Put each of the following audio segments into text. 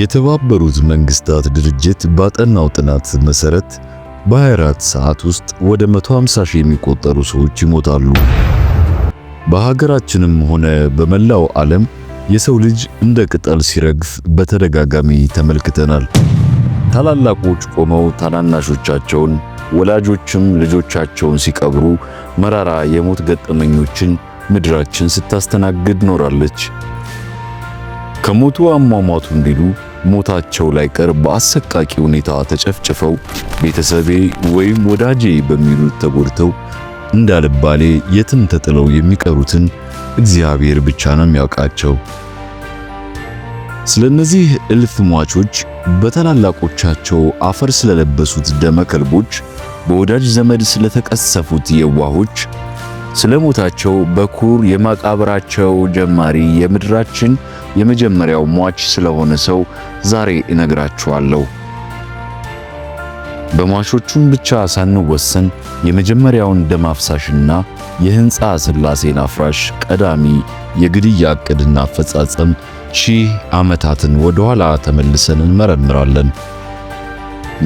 የተባበሩት መንግስታት ድርጅት ባጠናው ጥናት መሰረት በ24 ሰዓት ውስጥ ወደ 150 ሺህ የሚቆጠሩ ሰዎች ይሞታሉ። በሀገራችንም ሆነ በመላው ዓለም የሰው ልጅ እንደ ቅጠል ሲረግፍ በተደጋጋሚ ተመልክተናል። ታላላቆች ቆመው ታናናሾቻቸውን፣ ወላጆችም ልጆቻቸውን ሲቀብሩ መራራ የሞት ገጠመኞችን ምድራችን ስታስተናግድ ኖራለች። ከሞቱ አሟሟቱ እንዲሉ ሞታቸው ላይ ቀር በአሰቃቂ ሁኔታ ተጨፍጭፈው ቤተሰቤ ወይም ወዳጄ በሚሉት ተጎድተው እንዳልባሌ የትም ተጥለው የሚቀሩትን እግዚአብሔር ብቻ ነው የሚያውቃቸው። ስለነዚህ እልፍ ሟቾች በታላላቆቻቸው አፈር ስለለበሱት ደመ ከልቦች፣ በወዳጅ ዘመድ ስለተቀሰፉት የዋሆች ስለ ሞታቸው በኩር የማቃብራቸው ጀማሪ የምድራችን የመጀመሪያው ሟች ስለሆነ ሰው ዛሬ እነግራችኋለሁ። በሟቾቹም ብቻ ሳንወሰን የመጀመሪያውን ደም አፍሳሽና የሕንፃ ሥላሴን አፍራሽ ቀዳሚ የግድያ ዕቅድና አፈጻጸም ሺህ ዓመታትን ወደኋላ ተመልሰን እንመረምራለን።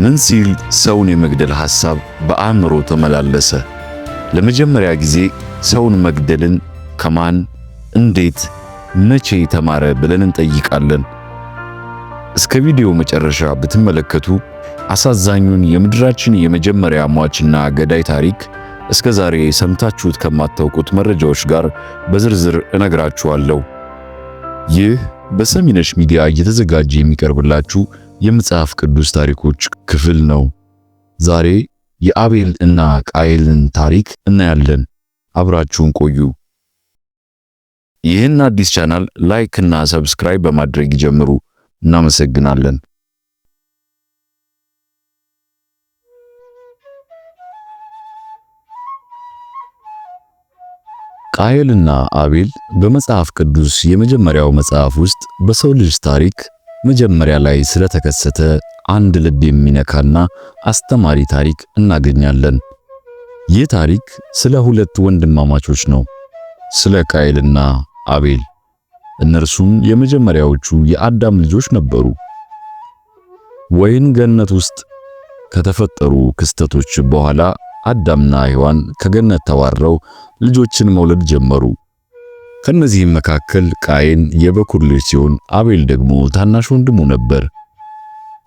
ምን ሲል ሰውን የመግደል ሐሳብ በአእምሮ ተመላለሰ? ለመጀመሪያ ጊዜ ሰውን መግደልን ከማን፣ እንዴት፣ መቼ ተማረ ብለን እንጠይቃለን። እስከ ቪዲዮ መጨረሻ ብትመለከቱ አሳዛኙን የምድራችን የመጀመሪያ ሟችና ገዳይ ታሪክ እስከ ዛሬ ሰምታችሁት ከማታውቁት መረጃዎች ጋር በዝርዝር እነግራችኋለሁ። ይህ በሰሚነሽ ሚዲያ እየተዘጋጀ የሚቀርብላችሁ የመጽሐፍ ቅዱስ ታሪኮች ክፍል ነው። ዛሬ የአቤል እና ቃየልን ታሪክ እናያለን። አብራችሁን ቆዩ። ይህን አዲስ ቻናል ላይክ እና ሰብስክራይብ በማድረግ ጀምሩ። እናመሰግናለን። ቃየልና አቤል በመጽሐፍ ቅዱስ የመጀመሪያው መጽሐፍ ውስጥ በሰው ልጅ ታሪክ መጀመሪያ ላይ ስለተከሰተ አንድ ልብ የሚነካና አስተማሪ ታሪክ እናገኛለን። ይህ ታሪክ ስለ ሁለት ወንድማማቾች ነው፣ ስለ ቃየልና አቤል። እነርሱም የመጀመሪያዎቹ የአዳም ልጆች ነበሩ። ወይን ገነት ውስጥ ከተፈጠሩ ክስተቶች በኋላ አዳምና ሔዋን ከገነት ተዋረው ልጆችን መውለድ ጀመሩ። ከነዚህም መካከል ቃየን የበኩር ልጅ ሲሆን አቤል ደግሞ ታናሽ ወንድሙ ነበር።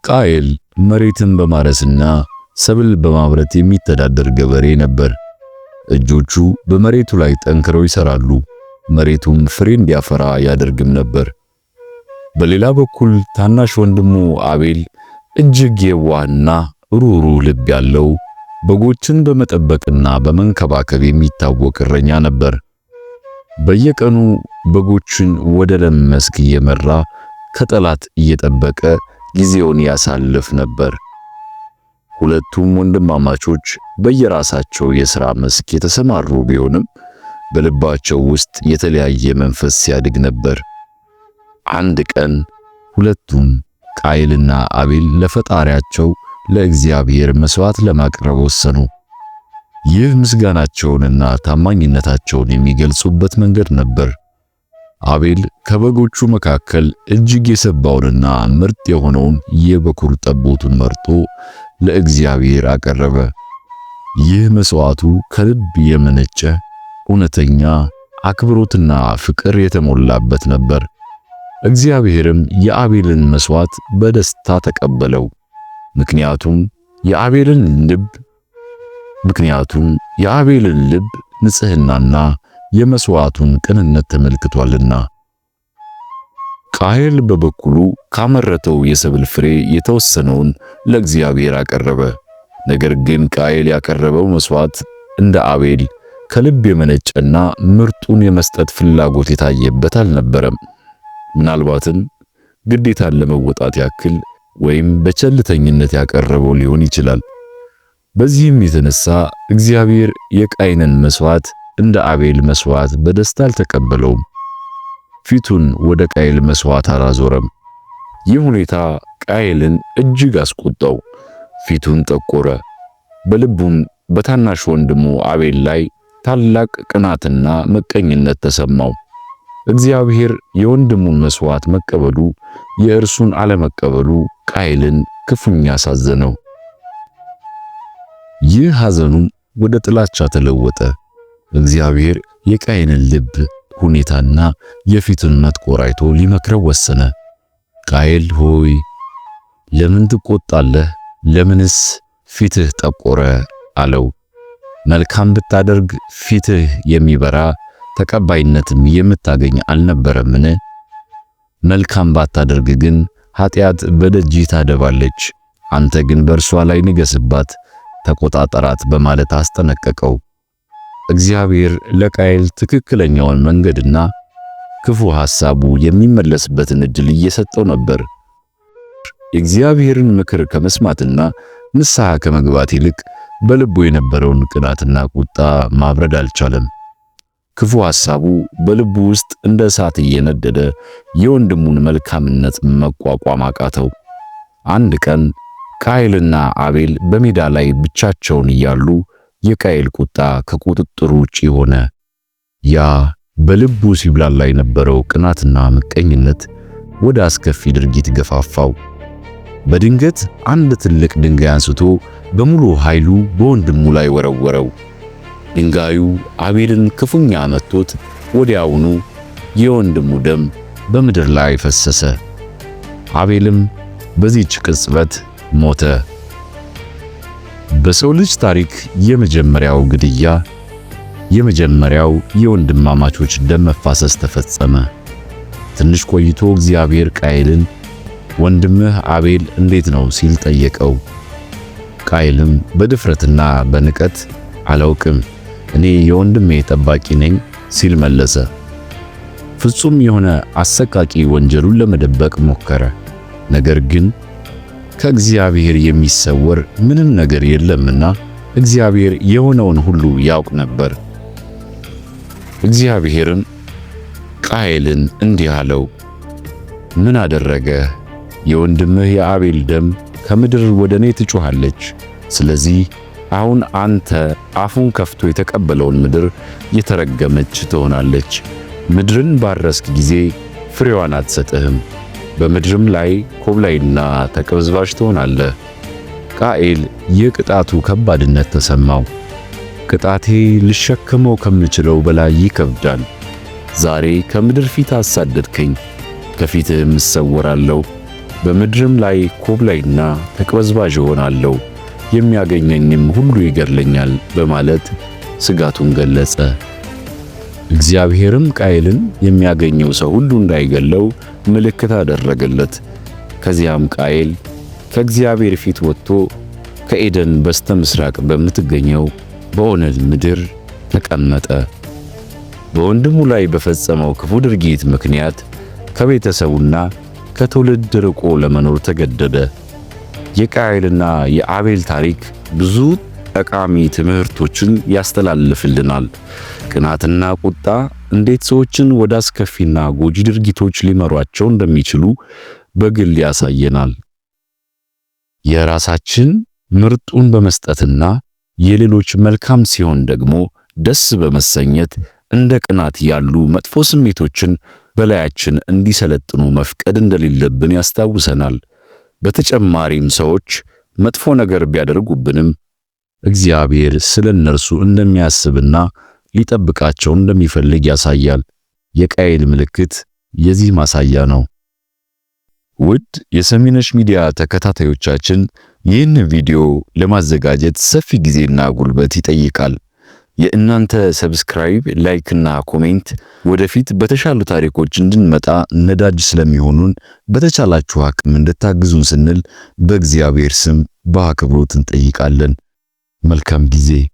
ቃየል መሬትን በማረስና ሰብል በማምረት የሚተዳደር ገበሬ ነበር። እጆቹ በመሬቱ ላይ ጠንክረው ይሰራሉ፣ መሬቱም ፍሬ እንዲያፈራ ያደርግም ነበር። በሌላ በኩል ታናሽ ወንድሙ አቤል እጅግ የዋህና ሩህሩህ ልብ ያለው በጎችን በመጠበቅና በመንከባከብ የሚታወቅ እረኛ ነበር። በየቀኑ በጎችን ወደ ለም መስክ እየመራ ከጠላት እየጠበቀ ጊዜውን ያሳልፍ ነበር። ሁለቱም ወንድማማቾች በየራሳቸው የሥራ መስክ የተሰማሩ ቢሆንም በልባቸው ውስጥ የተለያየ መንፈስ ሲያድግ ነበር። አንድ ቀን ሁለቱም ቃይልና አቤል ለፈጣሪያቸው ለእግዚአብሔር መስዋዕት ለማቅረብ ወሰኑ። ይህ ምስጋናቸውንና ታማኝነታቸውን የሚገልጹበት መንገድ ነበር። አቤል ከበጎቹ መካከል እጅግ የሰባውንና ምርጥ የሆነውን የበኩር ጠቦቱን መርጦ ለእግዚአብሔር አቀረበ። ይህ መስዋዕቱ ከልብ የመነጨ እውነተኛ አክብሮትና ፍቅር የተሞላበት ነበር። እግዚአብሔርም የአቤልን መስዋዕት በደስታ ተቀበለው። ምክንያቱም የአቤልን ልብ ምክንያቱም የአቤልን ልብ ንጽህናና የመስዋዕቱን ቅንነት ተመልክቷልና። ቃየል በበኩሉ ካመረተው የሰብል ፍሬ የተወሰነውን ለእግዚአብሔር አቀረበ። ነገር ግን ቃየል ያቀረበው መስዋዕት እንደ አቤል ከልብ የመነጨና ምርጡን የመስጠት ፍላጎት የታየበት አልነበረም። ምናልባትም ግዴታን ለመወጣት ያክል ወይም በቸልተኝነት ያቀረበው ሊሆን ይችላል። በዚህም የተነሳ እግዚአብሔር የቃይንን መስዋዕት እንደ አቤል መስዋዕት በደስታ አልተቀበለውም። ፊቱን ወደ ቃየል መስዋዕት አላዞረም። ይህ ሁኔታ ቃየልን እጅግ አስቆጣው። ፊቱን ጠቆረ። በልቡም በታናሽ ወንድሙ አቤል ላይ ታላቅ ቅናትና መቀኝነት ተሰማው። እግዚአብሔር የወንድሙን መስዋዕት መቀበሉ የእርሱን አለመቀበሉ ቃየልን ክፉኛ አሳዘነው። ይህ ሐዘኑም ወደ ጥላቻ ተለወጠ። እግዚአብሔር የቃየንን ልብ ሁኔታና የፊቱን መጥቆር ሊመክረው ወሰነ። ቃየል ሆይ ለምን ትቆጣለህ? ለምንስ ፊትህ ጠቆረ? አለው። መልካም ብታደርግ ፊትህ የሚበራ ተቀባይነትም የምታገኝ አልነበረምን? መልካም ባታደርግ ግን ኃጢአት በደጅ ታደባለች፣ አንተ ግን በእርሷ ላይ ንገስባት፣ ተቆጣጠራት በማለት አስጠነቀቀው። እግዚአብሔር ለቃየል ትክክለኛውን መንገድና ክፉ ሐሳቡ የሚመለስበትን እድል እየሰጠው ነበር። የእግዚአብሔርን ምክር ከመስማትና ንስሐ ከመግባት ይልቅ በልቡ የነበረውን ቅናትና ቁጣ ማብረድ አልቻለም። ክፉ ሐሳቡ በልቡ ውስጥ እንደ እሳት እየነደደ የወንድሙን መልካምነት መቋቋም አቃተው። አንድ ቀን ቃየልና አቤል በሜዳ ላይ ብቻቸውን እያሉ የቃኤል ቁጣ ከቁጥጥሩ ውጪ ሆነ። ያ በልቡ ሲብላላ የነበረው ቅናትና ምቀኝነት ወደ አስከፊ ድርጊት ገፋፋው። በድንገት አንድ ትልቅ ድንጋይ አንስቶ በሙሉ ኃይሉ በወንድሙ ላይ ወረወረው። ድንጋዩ አቤልን ክፉኛ መቶት ወዲያውኑ የወንድሙ ደም በምድር ላይ ፈሰሰ። አቤልም በዚህች ቅጽበት ሞተ። በሰው ልጅ ታሪክ የመጀመሪያው ግድያ፣ የመጀመሪያው የወንድማማቾች ደም መፋሰስ ተፈጸመ። ትንሽ ቆይቶ እግዚአብሔር ቃይልን ወንድምህ አቤል እንዴት ነው ሲል ጠየቀው። ቃይልም በድፍረትና በንቀት አላውቅም፣ እኔ የወንድሜ ጠባቂ ነኝ ሲል መለሰ። ፍጹም የሆነ አሰቃቂ ወንጀሉን ለመደበቅ ሞከረ፣ ነገር ግን ከእግዚአብሔር የሚሰወር ምንም ነገር የለምና እግዚአብሔር የሆነውን ሁሉ ያውቅ ነበር። እግዚአብሔርም ቃየልን እንዲህ አለው፣ ምን አደረገ? የወንድምህ የአቤል ደም ከምድር ወደ እኔ ትጮኻለች። ስለዚህ አሁን አንተ አፉን ከፍቶ የተቀበለውን ምድር የተረገመች ትሆናለች። ምድርን ባረስክ ጊዜ ፍሬዋን አትሰጥህም። በምድርም ላይ ኮብላይና ተቀብዝባዥ ትሆናለህ። ቃኤል የቅጣቱ ከባድነት ተሰማው። ቅጣቴ ልሸከመው ከምችለው በላይ ይከብዳል። ዛሬ ከምድር ፊት አሳደድከኝ፣ ከፊትህም እሰወራለሁ። በምድርም ላይ ኮብላይና ተቅበዝባዥ እሆናለሁ፣ የሚያገኘኝም ሁሉ ይገድለኛል በማለት ስጋቱን ገለጸ። እግዚአብሔርም ቃየልን የሚያገኘው ሰው ሁሉ እንዳይገለው ምልክት አደረገለት። ከዚያም ቃየል ከእግዚአብሔር ፊት ወጥቶ ከኤደን በስተ ምስራቅ በምትገኘው በኦነል ምድር ተቀመጠ። በወንድሙ ላይ በፈጸመው ክፉ ድርጊት ምክንያት ከቤተሰቡና ከትውልድ ርቆ ለመኖር ተገደደ። የቃየልና የአቤል ታሪክ ብዙ ጠቃሚ ትምህርቶችን ያስተላልፍልናል። ቅናትና ቁጣ እንዴት ሰዎችን ወደ አስከፊና ጎጂ ድርጊቶች ሊመሯቸው እንደሚችሉ በግል ያሳየናል። የራሳችን ምርጡን በመስጠትና የሌሎች መልካም ሲሆን ደግሞ ደስ በመሰኘት እንደ ቅናት ያሉ መጥፎ ስሜቶችን በላያችን እንዲሰለጥኑ መፍቀድ እንደሌለብን ያስታውሰናል። በተጨማሪም ሰዎች መጥፎ ነገር ቢያደርጉብንም እግዚአብሔር ስለ እነርሱ እንደሚያስብና ሊጠብቃቸው እንደሚፈልግ ያሳያል። የቃየል ምልክት የዚህ ማሳያ ነው። ውድ የሰሚነሽ ሚዲያ ተከታታዮቻችን ይህን ቪዲዮ ለማዘጋጀት ሰፊ ጊዜና ጉልበት ይጠይቃል። የእናንተ ሰብስክራይብ፣ ላይክ እና ኮሜንት ወደፊት በተሻሉ ታሪኮች እንድንመጣ ነዳጅ ስለሚሆኑን በተቻላችሁ አቅም እንድታግዙን ስንል በእግዚአብሔር ስም በአክብሮት እንጠይቃለን። Malcolm disait